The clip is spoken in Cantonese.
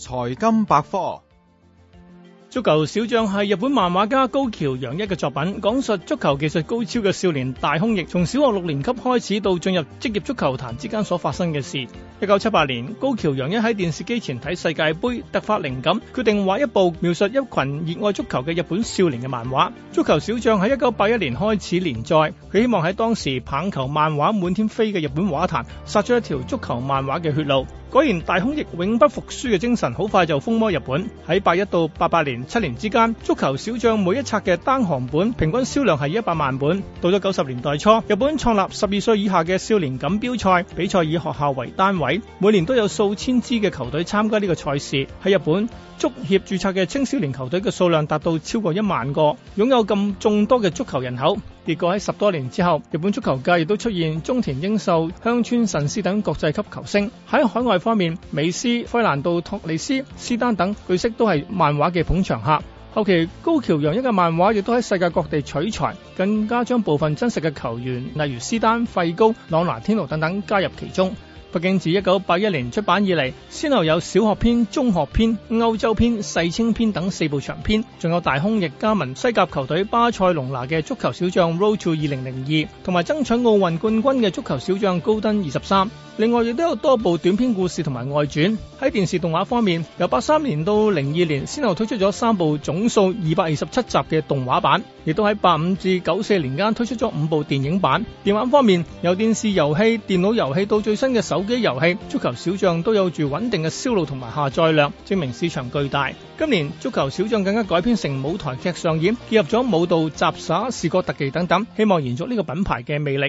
財金百科。足球小將係日本漫畫家高橋陽一嘅作品，講述足球技術高超嘅少年大空翼從小學六年級開始到進入職業足球壇之間所發生嘅事。一九七八年，高橋陽一喺電視機前睇世界杯，突發靈感，決定畫一部描述一群熱愛足球嘅日本少年嘅漫畫。足球小將喺一九八一年開始連載，佢希望喺當時棒球漫畫滿天飛嘅日本畫壇，殺出一條足球漫畫嘅血路。果然大空翼永不服輸嘅精神，好快就風魔日本在81。喺八一到八八年七年之間，足球小將每一冊嘅單行本平均銷量係一百萬本。到咗九十年代初，日本創立十二歲以下嘅少年錦標賽比賽，以學校為單位，每年都有數千支嘅球隊參加呢個賽事。喺日本足協註冊嘅青少年球隊嘅數量達到超過一萬個，擁有咁眾多嘅足球人口。結果喺十多年之後，日本足球界亦都出現中田英壽、香川真司等國際級球星喺海外方面，美斯、費蘭道托尼斯、斯丹等，據悉都係漫畫嘅捧場客。後期高橋陽一嘅漫畫亦都喺世界各地取材，更加將部分真實嘅球員，例如斯丹、費高、朗拿天奴等等加入其中。北境》自一九八一年出版以嚟，先後有小學篇、中學篇、歐洲篇、世青篇等四部長篇，仲有大空翼加盟西甲球隊巴塞隆拿嘅足球小將《Road to 二零零二》，同埋爭取奧運冠軍嘅足球小將《高登二十三》。另外亦都有多部短篇故事同埋外傳。喺電視動畫方面，由八三年到零二年，先後推出咗三部總數二百二十七集嘅動畫版，亦都喺八五至九四年間推出咗五部電影版。電玩方面，由電視遊戲、電腦遊戲到最新嘅手。手機遊戲《足球小將》都有住穩定嘅銷路同埋下載量，證明市場巨大。今年《足球小將》更加改編成舞台劇上演，結合咗舞蹈、雜耍、視覺特技等等，希望延續呢個品牌嘅魅力。